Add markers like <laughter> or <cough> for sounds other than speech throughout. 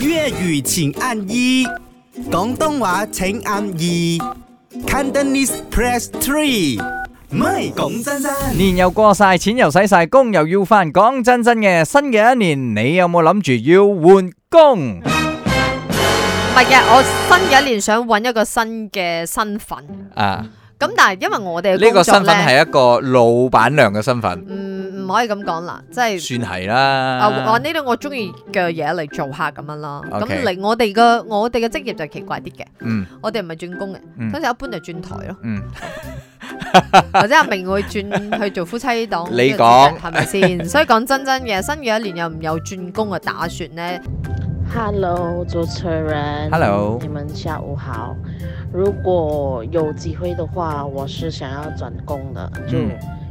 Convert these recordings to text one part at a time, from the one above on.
粵語請按一，廣東話請按二，Cantonese press three。唔係講真真，年又過晒，錢又使晒，工又要返。講真真嘅，新嘅一年，你有冇諗住要換工？唔係嘅，我新嘅一年想揾一個新嘅身份。啊！咁但係因為我哋呢個身份係一個老闆娘嘅身份。可以咁講啦，即係算係啦。按呢度我中意嘅嘢嚟做客咁樣咯。咁、嗯、嚟我哋嘅我哋嘅職業就奇怪啲嘅。嗯，我哋唔係轉工嘅，通、嗯、常一般就轉台咯。嗯， <laughs> 或者阿明會轉去做夫妻檔。你講係咪先？是是 <laughs> 所以講真真嘅，新嘅一年又唔有轉工嘅打算呢？Hello 主持人，Hello，你們下午好。如果有機會嘅話，我是想要轉工嘅。就、mm.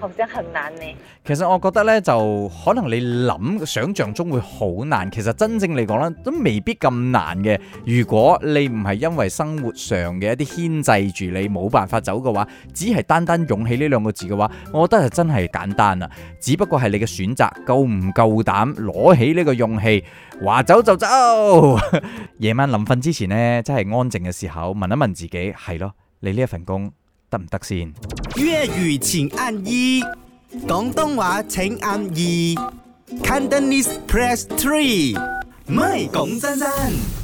學生很難呢。其實我覺得呢，就可能你諗想象中會好難，其實真正嚟講呢都未必咁難嘅。如果你唔係因為生活上嘅一啲牽制住你，冇辦法走嘅話，只係單單勇氣呢兩個字嘅話，我覺得係真係簡單啦。只不過係你嘅選擇夠唔夠膽攞起呢個勇氣，話走就走。夜 <laughs> 晚臨瞓之前呢，真係安靜嘅時候，問一問自己，係咯，你呢一份工。得唔得先？粵語請按一，廣東話請按二，Cantonese press three，唔係講真真。